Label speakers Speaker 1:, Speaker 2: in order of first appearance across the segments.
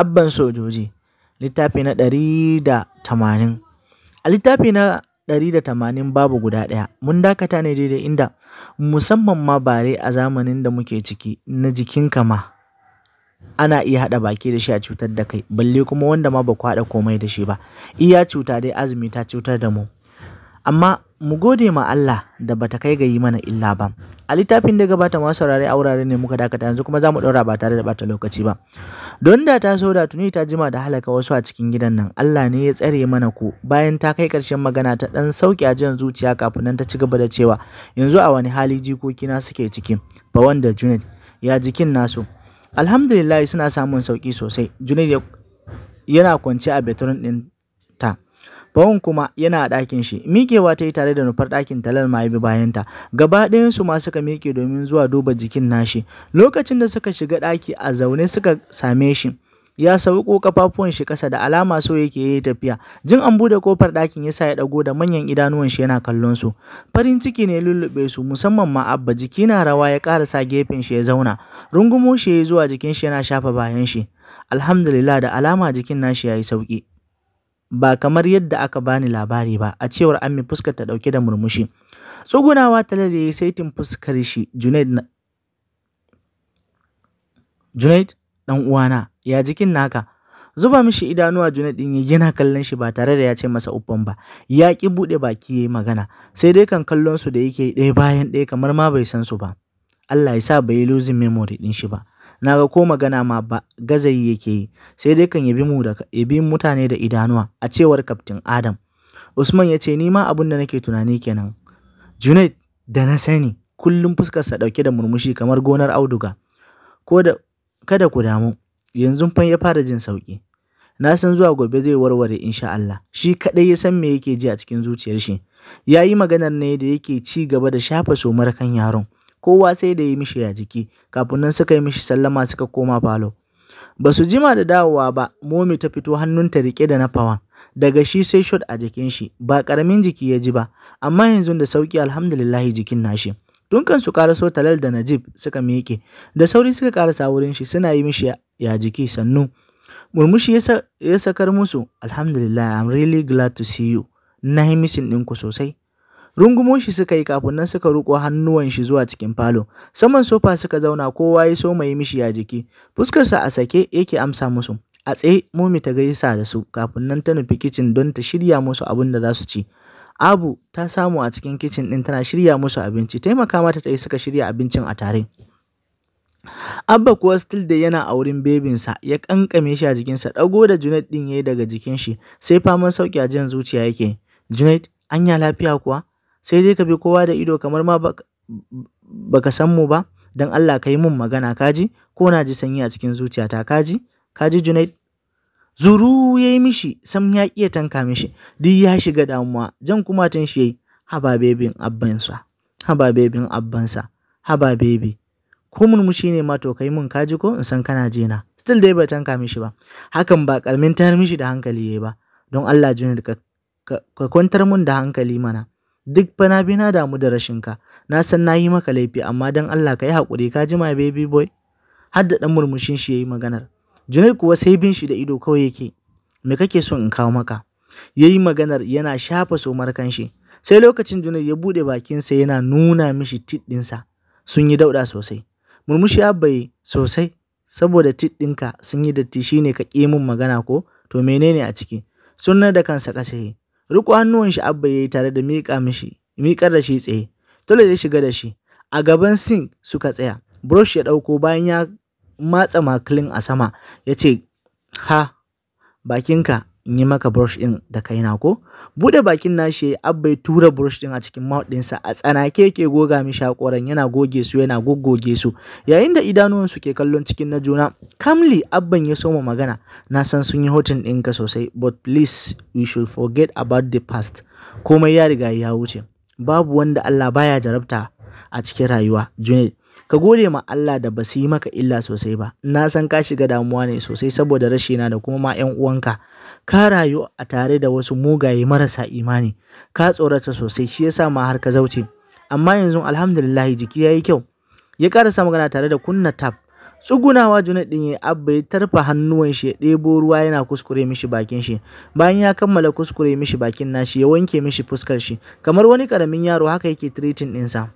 Speaker 1: Abban Sojoji littafi na ɗari da tamanin. A littafi na ɗari da tamanin babu guda ɗaya, mun dakata ne daidai inda musamman ma bare a zamanin da muke ciki na jikinka ma ana iya haɗa baki da shi a cutar da kai balle kuma wanda ma ba ku haɗa komai da shi ba iya cuta dai azumi ta cutar da mu amma mu gode ma Allah da bata kai ga yi mana illa ba a littafin da gabata ma saurare a wurare ne muka dakata yanzu kuma zamu daura ba tare da bata lokaci ba don da ta so da tuni ta jima da halaka wasu a cikin gidan nan Allah ne ya tsare mana ku bayan ta kai karshen magana ta dan sauki a jiyan zuciya kafin nan ta ci gaba da cewa yanzu a wani hali jikoki na suke ciki ba wanda Junaid ya jikin nasu alhamdulillah suna samun sauki sosai Junaid yana kwance a betron din Bawon kuma yana a ɗakin shi. Miƙewa ta yi tare da nufar ɗakin Talal ma bi bayanta. Gaba ɗayansu ma suka miƙe domin zuwa duba jikin nashi. Lokacin da suka shiga ɗaki a zaune suka same shi. ya sauko kafafuwan shi ƙasa da alama so yake yi tafiya jin an bude kofar ɗakin yasa ya ɗago da manyan idanuwan shi yana kallon su farin ciki ne lullube su musamman ma abba jiki na rawa ya ƙarasa gefen shi ya zauna rungumo shi ya zuwa jikin shi yana shafa bayan shi alhamdulillah da alama jikin nashi ya yi sauki ba kamar yadda aka bani labari ba a cewar Ammi fuskar ta dauke da murmushi tsugunawa ta ya yayi saitin fuskar shi Junaid na Junaid dan uwana ya jikin naka zuba mishi idanuwa Junaid din yana kallon shi ba tare da ya ce masa uffan ba ya ki bude baki yayi magana sai dai kan kallon su da yake ɗaya bayan ɗaya kamar ma bai san su ba Allah ya sa bai losing memory din shi ba na ga ko magana ma ba gazayi yake yi sai dai kan yabi mu da yabi mutane da idanuwa a cewar kaftin adam usman ya ce nima ma abin da nake tunani kenan junaid da na sani kullum fuskarsa ɗauke da murmushi kamar gonar auduga ko da kada ku damu yanzu fa ya fara jin sauki na san zuwa gobe zai warware insha Allah shi kadai ya san me yake ji a cikin zuciyar shi yayi maganar ne da yake ci gaba da shafa somar kan yaron kowa sai da ya mishi ya jiki kafin nan suka yi mishi sallama suka koma falo ba su jima da dawowa ba momi ta fito hannunta rike da na fawa. daga shi sai shot a jikin shi ba karamin jiki ya ji ba amma yanzu da sauki alhamdulillahi jikin nashi tun kan su karaso talal da najib suka miƙe da sauri suka karasa wurin shi suna yi mishi ya jiki sannu murmushi ya sakar musu alhamdulillah i'm really glad to see you na yi misin ɗinku sosai Rungumo shi suka yi kafin nan suka ruko hannuwan shi zuwa cikin falo. Saman sofa suka zauna kowa ya so mai mishi ya jiki. Fuskarsa a sake yake amsa musu. A tsaye Momi ta gaisa da su kafin nan ta nufi kicin don ta shirya musu abin da za su ci. Abu ta samu a cikin kicin ɗin tana shirya musu abinci, taimaka mata ta yi suka shirya abincin a tare. Abba kuwa still da yana a wurin bebinsa ya kankame shi a jikinsa ɗago da Junaid din yayi daga jikin shi sai faman sauki a jan zuciya yake. Junaid, anya lafiya kuwa? sai dai ka bi kowa da ido kamar ma baka san mu ba don Allah ka yi mun magana kaji ko na ji sanyi a cikin zuciyata kaji kaji Junaid zuru ya yi mishi sam ya iya tanka mishi duk ya shiga damuwa jan kuma tun shi yayi haba bebin abbansa haba bebin abbansa haba bebi ko murmushi ne ma to kai mun kaji ko in san kana jina still dai ba tanka mishi ba hakan ba kalmin tayar mishi da hankali yayi ba don Allah Junaid ka kwantar mun da hankali mana duk fa na bi na damu da rashin ka na san na yi maka laifi amma dan Allah ka yi haƙuri ka jima baby boy har da ɗan murmushin shi yayi yi maganar Junaid kuwa sai bin shi da ido kawai yake me kake son in kawo maka yayi yi maganar yana shafa somar kanshi sai lokacin Junaid ya buɗe sa yana nuna mishi sa. sun yi dauɗa sosai murmushi bai sosai saboda ka sun yi datti shine ka ƙi mun magana ko to menene a ciki sunna da kansa ƙasa Riƙo hannuwan shi Abba ya yi tare da miƙar da shi tsaye. tole ya shiga da shi. A gaban sink suka tsaya. Brush ya ɗauko bayan ya matsa maklin a sama ya ce, Ha, bakinka in yi maka brush ɗin da kai na ko Bude bakin nashi abba ya tura brush ɗin a cikin mouth ɗinsa a tsanake ke goga mishi hakoran yana goge su yana goggoge su yayin da idanuwan su ke kallon cikin na juna kamli abban ya soma magana na san sun yi hotun ɗinka sosai but please we should forget about the past komai ya riga ya wuce babu wanda Allah baya jarabta a cikin rayuwa Junaid Ka gode ma Allah da ba su yi maka illa sosai ba, na san ka shiga damuwa ne sosai saboda rashi rashina da kuma ma 'yan uwanka. Ka rayu a tare da wasu mugaye marasa imani, ka tsorata sosai shi yasa ma har ka zauce. Amma yanzu alhamdulillah jiki ya yi kyau. Ya karasa magana tare da kunna tab. tsugunawa Junaid din ya abba ya tarfa hannuwan shi ya ɗebo ruwa yana kuskure mishi bakin shi bayan ya kammala kuskure mishi bakin nashi ya wanke mishi fuskar shi kamar wani karamin yaro haka yake treating ɗinsa.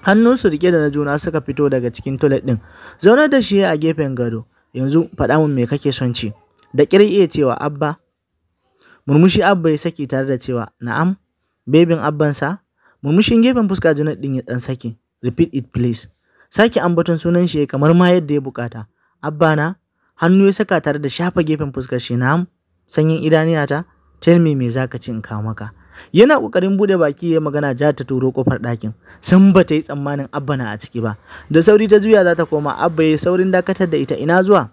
Speaker 1: Hannun su rike da na juna suka fito daga cikin toilet ɗin zaunar da shi a gefen gado yanzu faɗa min me kake son ci da kyar iya cewa abba murmushi abba ya saki tare da cewa na'am bebin abbansa murmushin gefen fuska juna ɗin ya ɗan saki repeat it please sake ambaton sunan shi kamar ma yadda ya bukata abba na hannu ya saka tare da shafa gefen fuskar shi na'am sanyin idaniyata tell me me zaka ci in maka yana ƙoƙarin bude baki ya magana ja ta turo kofar ɗakin san ba ta yi tsammanin abba na a ciki ba da sauri ta juya za ta koma abba ya saurin dakatar da ita ina zuwa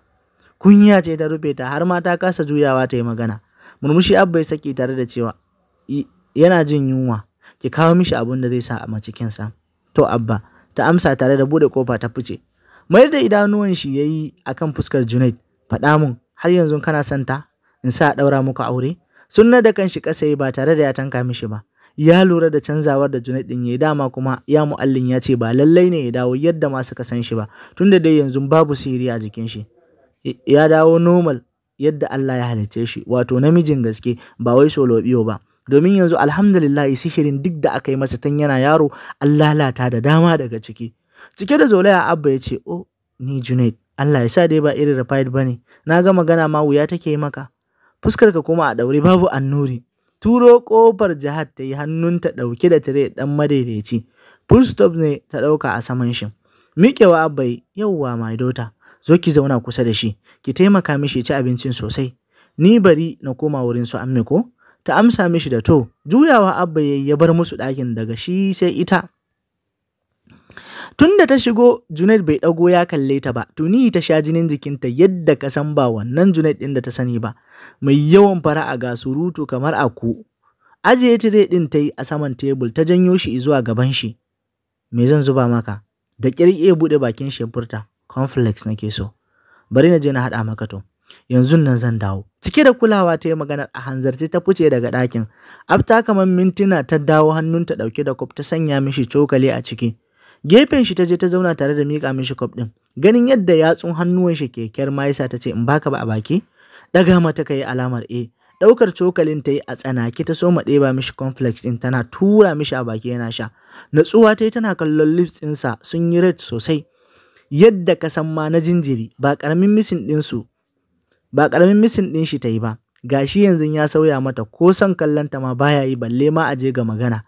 Speaker 1: kunya ce ta rufe ta har ma ta kasa juyawa ta yi magana murmushi abba ya saki tare da cewa yana jin yunwa ki kawo mishi abin da zai sa a macikinsa to abba ta amsa tare da bude kofa ta fice mayar da idanuwan shi yayi akan fuskar Junaid faɗa mun har yanzu kana son ta in sa a ɗaura muku aure sun da kanshi ƙasa ba tare da ya tanka mishi ba. Ya lura da canzawar da Junaid din yayi dama kuma ya mu'allin ya ce ba lallai ne ya dawo yadda masu kasan shi ba tunda dai yanzu babu sihiri a jikin shi. Ya dawo normal yadda Allah ya halicce shi wato namijin gaske ba wai solobiyo ba. domin yanzu alhamdulillah sihirin duk da aka yi masa tan yana yaro an lalata da dama daga ciki cike da zolaya abba ya ce "Oh ni junaid allah ya sa dai ba irin rafaid ba ne na ga magana ma wuya take yi maka Fuskar ka kuma a ɗaure babu annuri. Turo ƙofar jihar ta yi ta ɗauke da tire ɗan madaidaici. Full stop ne ta ɗauka a saman shi. Miƙewa bai yauwa my daughter zo ki zauna kusa da shi ki taimaka mishi ci abincin sosai. Ni bari na koma wurin su amme ko? Ta amsa mishi da to juyawa abba ya bar musu ɗakin daga shi sai ita. Tun da ta shigo Junaid bai ɗago ya kalle ta ba, tuni ta sha jinin jikinta yadda ka san ba wannan Junaid ɗin da ta sani ba, mai yawan fara'a ga surutu kamar aku. Ajiye tire ɗin ta yi a saman tebul ta janyo shi zuwa gaban shi. Me zan zuba maka? Da ƙirƙe bude bakin shefurta conflex nake so. Bari na je na haɗa maka to. yanzu nan zan dawo. Cike da kulawa ta yi maganar a hanzarci ta fice daga ɗakin. Afta kamar mintuna ta dawo hannunta ɗauke da kwaf ta sanya mishi cokali a ciki. gefen shi ta je ta zauna tare da miƙa mishi kwaf ɗin ganin yadda yatsun hannuwan shi ke kyar mayisa ta ce in baka ba a baki ɗaga mata ka yi alamar e ɗaukar cokalin ta yi a tsanaki ta soma ɗeba mishi complex ɗin tana tura mishi a baki yana sha natsuwa ta yi tana kallon lips ɗinsa sun yi red sosai yadda ka san ma na jinjiri ba ƙaramin misin ɗinsu ba ƙaramin misin ɗin shi ta yi ba gashi yanzu ya sauya mata ko son kallon ta ma baya yi balle ma a je ga magana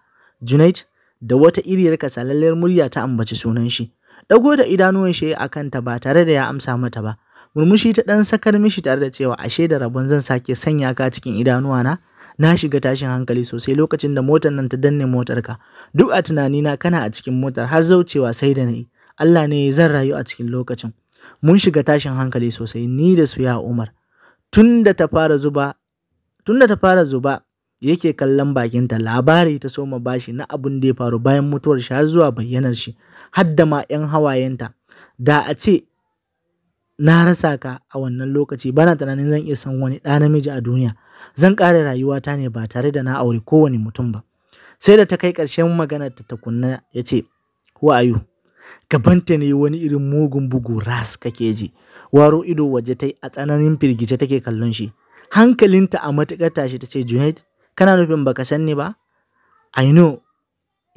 Speaker 1: Junaid da wata iriyar katsalalliyar murya ta ambaci sunan shi. Dago da idanuwan shi a kanta ba tare da ya amsa mata ba. Murmushi ta ɗan sakar mishi tare da cewa ashe da rabon zan sake sanya ka cikin idanuwa Na Na shiga tashin hankali sosai lokacin da motar nan ta danne motar ka Duk a tunanina kana a cikin motar har zaucewa sai da na Allah ne zan rayu a cikin lokacin. Mun shiga tashin hankali sosai ni da su ya Umar. Tunda ta fara zuba, tun ta fara zuba yake kallon bakinta labari ta soma bashi na abin da ya faru bayan mutuwar shi har zuwa bayyanar shi har da ma 'yan hawayenta da a ce na rasa ka a wannan lokaci bana tunanin zan iya san wani ɗa namiji a duniya zan ƙara rayuwata ne ba tare da na aure kowane mutum ba sai da ta kai ƙarshen maganar ta tukunna ya ce who are you gabanta ne wani irin mugun bugu ras kake ji waro ido waje ta a tsananin firgice take kallon shi hankalinta a matuƙar tashi ta ce junaid Kana nufin baka san ni ba? I know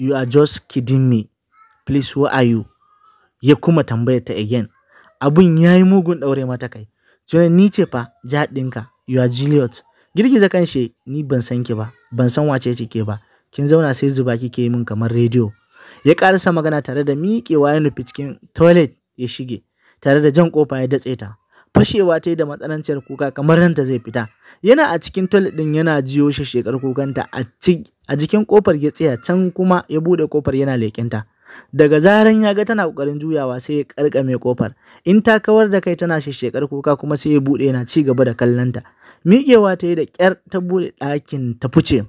Speaker 1: you are just kidding me. Please who are you? Ya kuma tambayar ta again. Abun ya yi mugun daure mata kai. Juna ni ce fa jaɗinka. You are Juliet. Girgiza kan ni ban san ki ba. Ban san wace ce ke ba. Kin zauna sai zuba kike yi min kamar rediyo. Ya sa magana tare da miƙewa ya nufi cikin toilet ya shige. Tare da jan kofa ya datse ta. fashewa ta yi da matsananciyar kuka kamar nan ta zai fita yana a cikin toilet din yana jiyo shi shekar kukanta a jikin kofar ya tsaya can kuma ya bude kofar yana ta. daga zaran ya ga tana kokarin juyawa sai ya karkame kofar in ta kawar da kai tana shekar kuka kuma sai ya bude yana ci gaba da kallon ta miƙewa ta yi da ƙyar ta bude ɗakin ta fice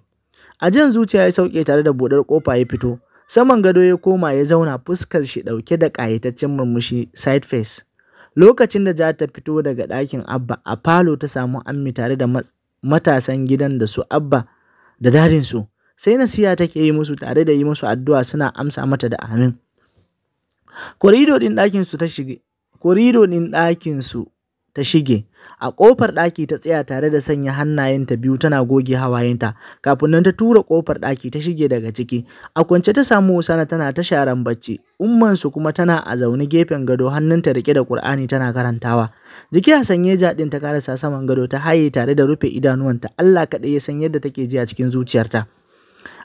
Speaker 1: a jan zuciya ya sauke tare da budar kofa ya fito saman gado ya koma ya zauna fuskar shi ɗauke da ƙayataccen murmushi side face Lokacin da za ta fito daga ɗakin Abba, a falo ta samu Ammi tare da matasan gidan da su Abba da dadinsu. Sai nasiha take yi musu tare da yi musu addu'a suna amsa mata da amin. Korido ɗakinsu ta shige, korido ɗin ɗakinsu ta shige a ƙofar ɗaki ta tsaya tare da sanya hannayenta biyu tana goge hawayenta kafin nan ta tura kofar ɗaki ta shige daga ciki a kwance ta samu sana tana ta sharan bacci su kuma tana a zaune gefen gado hannunta rike da qur'ani tana karantawa jiki a sanye jaɗin ta karasa saman gado ta haye tare da rufe idanuwanta Allah kaɗai ya san yadda take ji a cikin zuciyarta.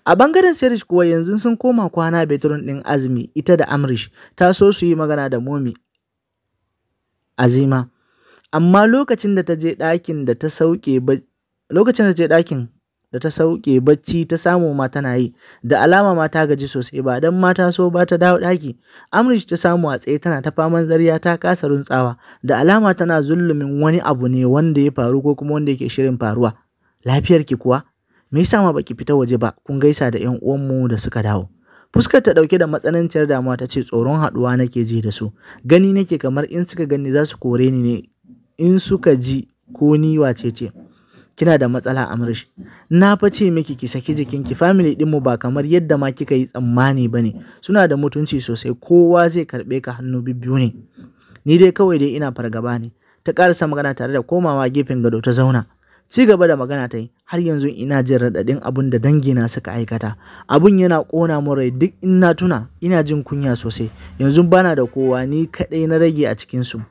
Speaker 1: A bangaren Sirish kuwa yanzu sun koma kwana betrun din Azmi ita da Amrish ta so su yi magana da Momi Azima Amma lokacin da ta je ɗakin da ta sauke bacci ta samu ma tana yi, da alama ma ta gaji sosai ba dan mata so ba ta dawo ɗaki. Amrish ta samu a tsaye tana ta faman zarya ta kasa runtsawa, da alama tana zulumin wani abu ne wanda ya faru ko kuma wanda yake shirin faruwa. Lafiyar ki kuwa? Me yasa ma baki fita waje ba kun gaisa da 'yan uwanmu da suka dawo? Fuskar ta dauke da matsananciyar damuwa ta ce tsoron haduwa nake ji da su. Gani nake kamar in suka gani za su kore ni ne in suka ji ko ni wace ce kina da matsala a murshi na fa ce miki ki saki jikin ki family din mu ba kamar yadda ma kika yi tsammani bane suna da mutunci sosai kowa zai karbe ka hannu bibbiyu ne ni dai kawai dai ina fargaba ne ta karasa magana tare da komawa gefen gado ta zauna ci gaba da magana ta yi har yanzu ina jin raɗaɗin abun da dangina suka aikata abun yana kona mun rai duk ina tuna ina jin kunya sosai yanzu bana da kowa ni kadai na rage a cikin su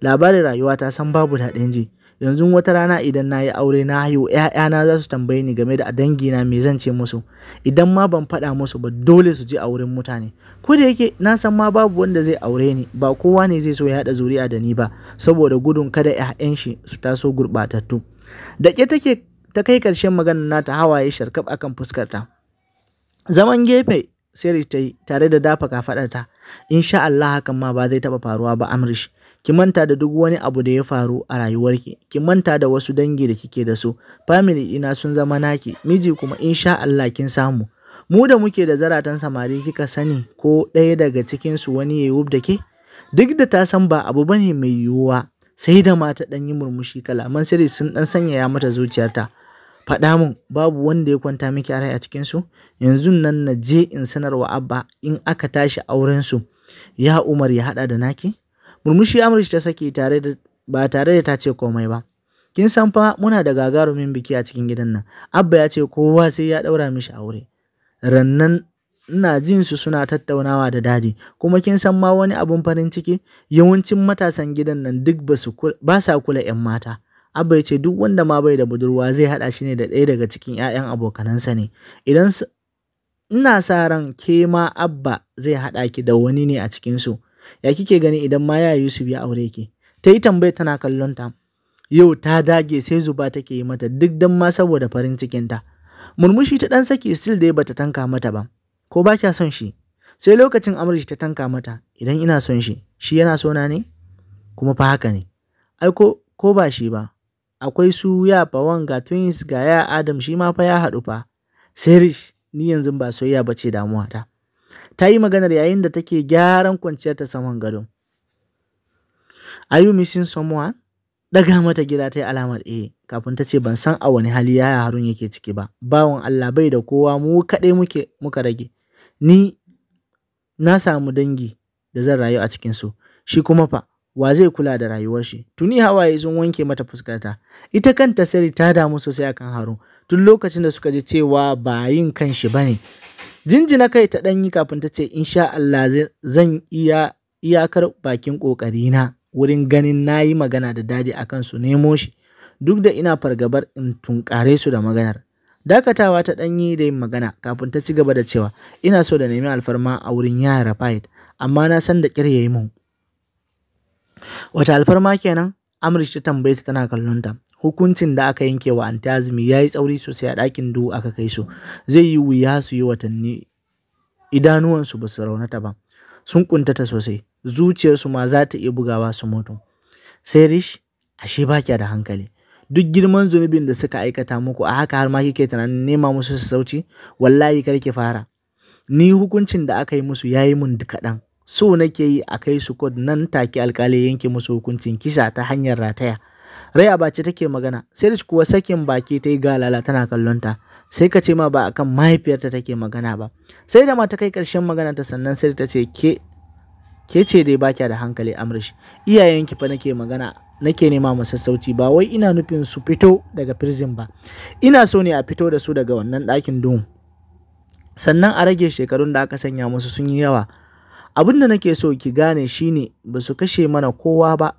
Speaker 1: labarin rayuwa ta san babu daɗin ji yanzu wata rana idan na yi aure na haihu ‘ya'yana za su tambaye ni game da a dangina me zan ce musu idan ma ban faɗa musu ba dole su ji auren mutane ko da yake na san ma babu wanda zai aure ni ba kowa ne zai so ya haɗa zuri'a da ni ba saboda gudun kada ‘ya'yan shi su taso gurɓatattu da ke take ta kai ƙarshen maganar nata hawaye sharkaf akan fuskarta zaman gefe sai ta yi tare da dafa kafaɗarta insha Allah hakan ma ba zai taɓa faruwa ba amrish Ki manta da duk wani abu da ya faru a rayuwarki. Ki manta da wasu dangi da kike da su. Family ina sun zama naki, miji kuma insha Allah kin samu. Mu da muke da zaratan samari kika sani ko ɗaya daga cikinsu wani ya yi da ke? Duk da ta san ba abu bane mai yiwuwa sai da mata ɗan yi murmushi kalaman sirri sun ɗan sanyaya mata zuciyarta. faɗa mun babu wanda ya kwanta miki rai a cikin su yanzu nan na je in sanarwa abba in aka tashi aurensu ya umar ya haɗa da naki murmushi amrish ta saki tare da ba tare da ta ce komai ba kin san fa muna da gagarumin biki a cikin gidan nan abba ya ce kowa sai ya daura mishi aure rannan ina jin su suna tattaunawa da dadi kuma kin san ma wani abun farin ciki yawancin matasan gidan nan duk ba sa kula 'yan mata abba ya ce duk wanda ma bai da budurwa zai hada shi ne da ɗaya daga cikin 'ya'yan abokanansa ne idan ina sa ran ke ma abba zai hada ki da wani ne a cikinsu ya kike gani idan ma ya Yusuf ya aure ki ta yi tambaya tana kallon ta yau ta dage sai zuba take yi mata duk dan ma saboda farin cikin ta murmushi ta dan saki still dai bata tanka mata ba ko ba kya son shi sai lokacin amurci ta tanka mata idan ina son shi shi yana sona ne kuma fa haka ne ai ko ko ba shi ba akwai su ya ga twins ga ya adam shi ma fa ya haɗu fa sai rish ni yanzu ba soyayya bace damuwa ta ta yi maganar yayin da take gyaran kwanciyar ta saman gado. Are you missing someone? Daga mata gida ta yi alamar A eh, kafin ta ce ban san a wani hali yaya Harun yake ciki ba. Bawan Allah bai da kowa mu kaɗai muke muka rage. Ni na samu dangi da zan rayu a cikinsu. Shi kuma fa wa zai kula da rayuwar shi tuni hawaye sun wanke mata fuskarta ita kanta sari ta damu sosai akan harun tun lokacin da suka ji cewa ba yin kan shi bane Jinjina kai ta ɗanyi kafin ta ce insha Allah zan iya iyakar bakin na wurin ganin na yi magana da dadi akan su nemo shi duk da ina fargabar in tunkare su da maganar. Dakatawa ta ɗanyi da yin magana kafin ta ci gaba da cewa ina so da nemi alfarma a wurin yara fight amma na san da ƙyar ya yi mun. Wata alfarma kenan? Amrish ta tambaye ta tana kallon ta. hukuncin da aka yanke wa antazumi ya yi tsauri sosai a ɗakin duhu aka kai su zai yi wuya su yi watanni idanuwansu ba su raunata ba sun kuntata sosai zuciyarsu ma za ta iya bugawa su mutu sai rish ashe ba da hankali duk girman zunubin da suka aikata muku a haka har ma kike tunanin nema musu sauci wallahi kar ki fara ni hukuncin da aka yi musu ya yi mun kaɗan so nake yi a kai su kod nan take alkali yanke musu hukuncin kisa ta hanyar rataya Rai a bace take magana, sai da kuwa sakin baki ta yi galala tana kallon ta, sai ka ce ma ba akan mahaifiyarta take magana ba. Sai da ma ta kai karshen magana ta sannan sai ta ce ke ke ce dai baki da hankali Amrish, iyayenki fa nake magana nake nema mu sassauci ba wai ina nufin su fito daga prison ba. Ina so ne a fito da su daga wannan ɗakin duhun. sannan a rage shekarun da aka sanya musu sun yi yawa abin da nake so ki gane shine ba su kashe mana kowa ba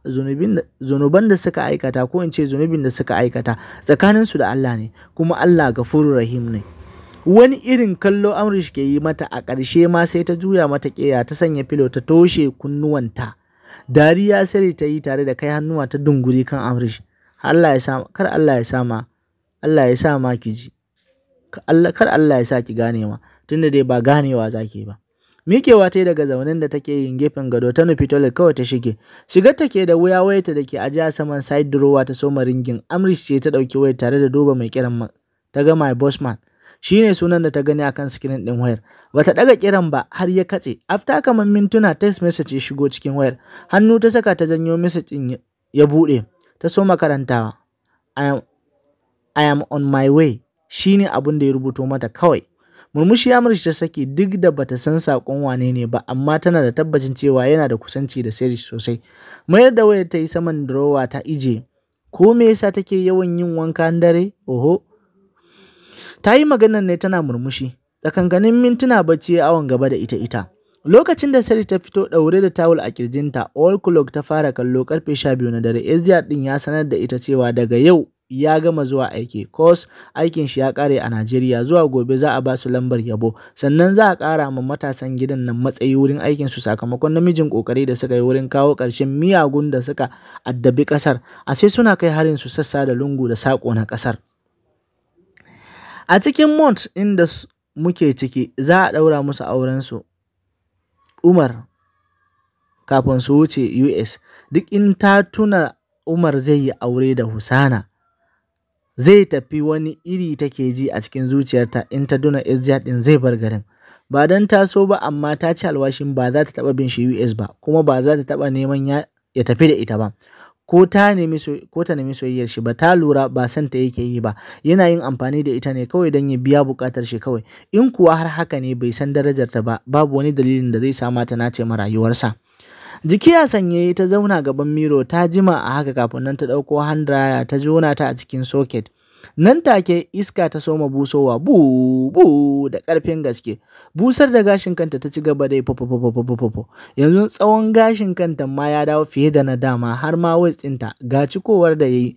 Speaker 1: zunuban da suka aikata ko in ce zunubin da suka aikata tsakanin su da Allah ne kuma Allah gafurur rahim ne wani irin kallo amrish ke yi mata a ƙarshe ma sai ta juya mata ƙeya ta sanya filo ta toshe kunnuwanta dariya sai ta yi tare da kai hannuwa ta dunguri kan amrish Allah ya sa kar Allah ya sa ma Allah ya sa ma ki ji kar Allah ya sa ki gane ma tunda dai ba ganewa zaki ba Mikewa ta yi daga zaunin da take yin gefen gado ta nufi toilet kawai ta shige. Shigar ta ke da wuya wayata da ke ajiya saman side drawer ta soma ringin. Amrish ce ta ɗauki wayar tare da duba mai kiran ta ga my boss man. Shi ne sunan da ta gani akan screen ɗin wayar. Bata ɗaga kiran ba har ya katse. After kamar mintuna text message ya shigo cikin wayar. Hannu ta saka ta janyo message ɗin ya buɗe. Ta soma karantawa. I am, on my way. Shi ne abin da ya rubuto mata kawai. Murmushi ya murshi ta saki duk da bata san sakon wane ne ba amma tana da tabbacin cewa yana da kusanci da Serish sosai. Mayar da wayar ta yi saman drawer ta ije. Ko me yasa take yawan yin wanka dare? Oho. Ta yi maganar ne tana murmushi. Tsakankanin mintuna bacci awon gaba da ita ita. Lokacin da Sari ta fito daure da tawul a kirjinta, All Clock ta fara kallo karfe 12 na dare, ezia din ya sanar da ita cewa daga yau ya gama zuwa aiki Kos aikin shi ya kare a Najeriya zuwa gobe za a ba su lambar yabo sannan za a kara ma matasan gidan nan matsayi wurin aikin su sakamakon namijin kokari da suka yi wurin kawo ƙarshen miyagun da suka addabi ƙasar a sai suna kai harin su sassa da lungu da sako na ƙasar a cikin mont inda muke ciki za a ɗaura musu auren su Umar kafin su wuce US duk in ta tuna Umar zai yi aure da Husana zai tafi wani iri take ji a cikin zuciyarta in ta duna Ezra ɗin zai bar garin. Ba don ta so ba amma ta ci alwashin ba za ta taɓa bin shi US ba kuma ba za ta taɓa neman ya, ya tafi da ita ba. Ko ta nemi ko ta nemi soyayyar shi ba ta lura ba san ta yake yi ba yana yin amfani da ita ne kawai don ya biya buƙatar shi kawai in kuwa har haka ne bai san darajarta ba babu wani dalilin da zai sa mata nace ma rayuwarsa. Jiki a sanye ta zauna gaban miro ta jima a haka kafin nan ta ɗauko handraya ta jona ta a cikin soket Nan take iska ta soma busowa bu bu da ƙarfin gaske. Busar da gashin kanta ta ci gaba dai fofo Yanzu tsawon gashin kanta ma ya dawo fiye da na dama har ma waist ɗinta ga cikowar da yayi.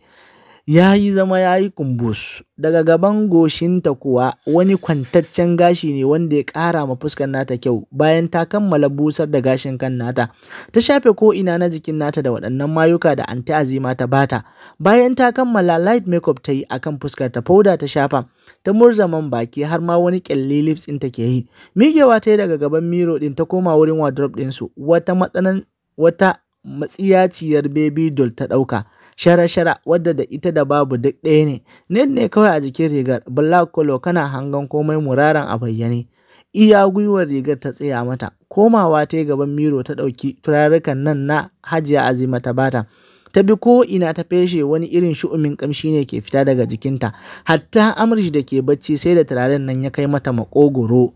Speaker 1: ya yi zama ya yi kumbus, daga gaban goshinta kuwa wani kwantaccen gashi ne wanda ya ƙara ma fuskar nata kyau bayan ta kammala busar da gashin kan nata. Ta shafe ko ina na jikin nata da waɗannan mayuka da anti azima ta bata. Bayan ta kammala light makeup ta yi akan fuskar ta fauda ta shafa, ta murzaman baki har ma wani ƙyalli lips ɗin take yi. Migewa ta yi daga gaban miro ɗin ta koma wurin wardrobe ɗinsu wata matsanan wata matsiyaciyar baby doll ta ɗauka shara-shara wadda da ita da babu duk ɗaya ne net ne kawai a jikin rigar black color kana hangan komai muraren a bayyane iya gwiwar rigar ta tsaya mata komawa ta gaban miro ta ɗauki turarukan nan na hajiya azima ta bata ta bi ko ina ta feshe wani irin shu'umin kamshi ne ke fita daga jikinta hatta amrish da ke bacci sai da turaren nan ya kai mata makogoro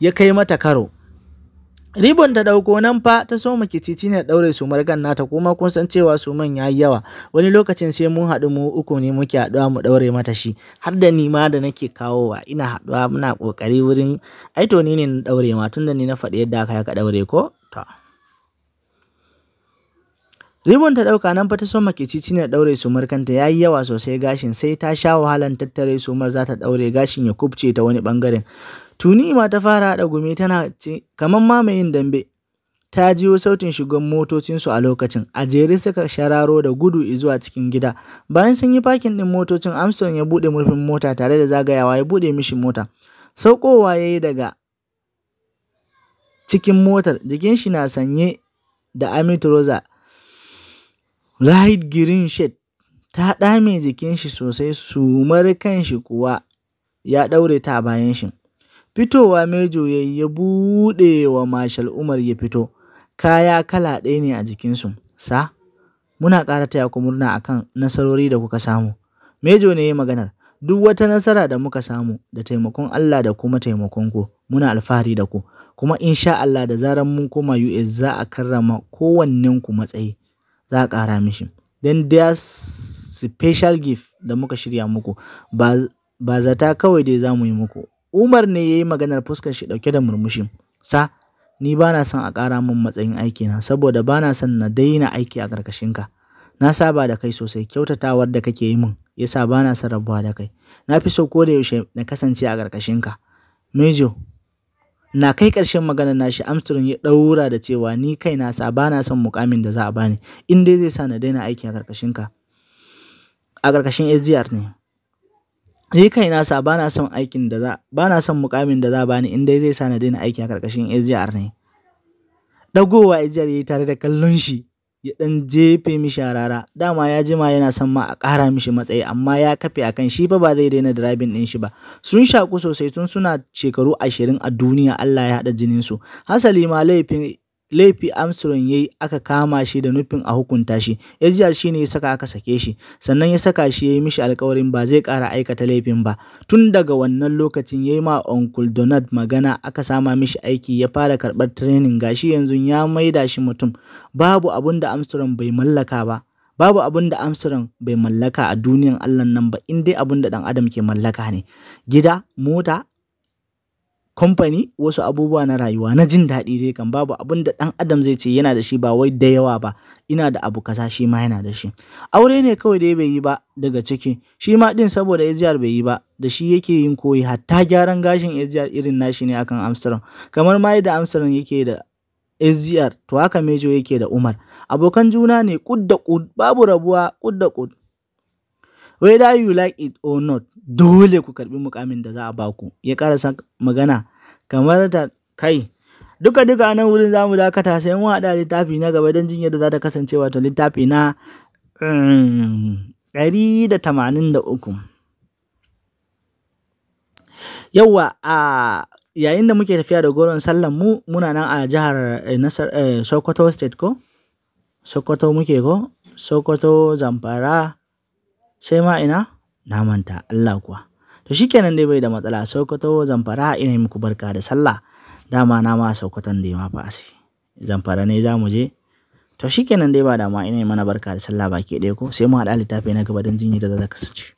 Speaker 1: ya kai mata karo Ribon ta ɗauko nan fa ta so makici ne daure su margan nata kuma kun san cewa su man yayi yawa wani lokacin sai mun haɗu mu uku ne muke haɗuwa mu daure mata shi har da ni ma da nake kawowa ina haɗuwa muna ƙoƙari wurin ai to ni ne na ɗaure ma tunda ni na faɗi yadda aka ka daure ko to Ribon ta ɗauka nan fa ta so cici ne daure su ta yayi yawa sosai gashin sai ta sha wahalan tattare su mar za ta daure gashin ya kubce ta wani bangaren Tuni ma ta fara haɗa gumi tana kamar mamayin dambe. Ta jiyo sautin shigan motocinsu a lokacin, a jere suka shararo da gudu zuwa cikin gida. Bayan sun yi fakin ɗin motocin, amson ya buɗe murfin mota tare da zagayawa ya buɗe mishi mota. Saukowa ya yi daga cikin motar, jikin shi na sanye da amitroza trouser light green shade ta ɗame shi sosai sumar shi kuwa ya ɗaure ta a shi. Fitowa Mejo ya yi ya buɗe wa Mashal Umar ya fito, kaya kala ɗaya ne a jikinsu. sa? muna ƙara taya ku murna a kan nasarori da kuka samu. Mejo ne ya maganar. Duk wata nasara da muka samu da taimakon Allah da kuma taimakon ku, muna alfahari da ku, kuma insha Allah da zarar mun koma US za a karrama ku matsayi, za a ƙara mishi. Dan dia special gift da muka shirya muku, ba zata kawai dai za mu yi muku. Umar ne ya yi maganar fuskar shi ɗauke da murmushi. Sa, ni ba na son a ƙara min matsayin aikina saboda ba na son na daina aiki a ƙarƙashinka. Na saba da kai sosai kyautatawar da kake yi min yasa ba na son rabuwa da kai. Na fi so ko da yaushe na kasance a ƙarƙashinka. Mejo, na kai ƙarshen maganar shi Armstrong ya ɗaura da cewa ni kai na sa ba na son mukamin da za a bani in dai zai sa na daina aiki a ƙarƙashinka. A ƙarƙashin SGR ne. ni kaina sa ba son aikin da za bana son mukamin da za bani in dai zai sa na daina aiki a karkashin SGR ne dagowa SGR yayi tare da kallon shi ya dan jefe mishi rara dama ya jima yana son ma a kara mishi matsayi amma ya kafe akan shi fa ba zai daina driving din shi ba sun shaku sosai tun suna shekaru ashirin a duniya Allah ya haɗa jinin su hasali ma laifin Laifi Armstrong ya yi aka kama shi da nufin a hukunta shi, jiya shi ne ya saka aka sake shi, sannan ya saka shi ya yi mishi alkawarin ba zai ƙara aikata laifin ba. Tun daga wannan lokacin ya yi ma Uncle Donald magana aka sama mishi aiki ya fara karɓar ga shi yanzu ya maida shi mutum. Babu abun da Armstrong bai mallaka ba. babu abin da bai mallaka a duniyan Allah nan ba in dai abin da ɗan adam ke mallaka ne gida mota kamfani wasu abubuwa na rayuwa na jin daɗi dai kan babu abin da ɗan adam zai ce yana da shi ba wai da yawa ba ina da abu kaza shi ma yana da shi aure ne kawai dai bai yi ba daga ciki shi ma ɗin saboda ajiyar bai yi ba da shi yake yin koyi hatta gyaran gashin ajiyar irin nashi ne akan amsterdam kamar ma da amsterdam yake da ajiyar to haka mejo yake da umar abokan juna ne kud da kud babu rabuwa kud da kud whether you like it or not dole ku karbi mukamin da za a baku ya karasa magana kamar ta kai duka duka nan wurin zamu dakata sai mu hada littafi na gaba don jinyar da za ta kasance wato littafi na eh, ɗari da tamanin da uku a yayin da muke tafiya da goron sallan mu muna nan a jihar eh, eh, sokoto state ko sokoto muke ko sokoto zamfara Sai ma ina? Na manta Allah kuwa. To shi kenan dai bai da matsala Sokoto Zamfara ina muku barka da sallah. Dama na ma Sokoton da ma fa Zamfara ne za mu je. To shi kenan dai ba dama ina mana barka da sallah baki ɗaya ko sai mu haɗa littafi na gaba don jinyi da za su ci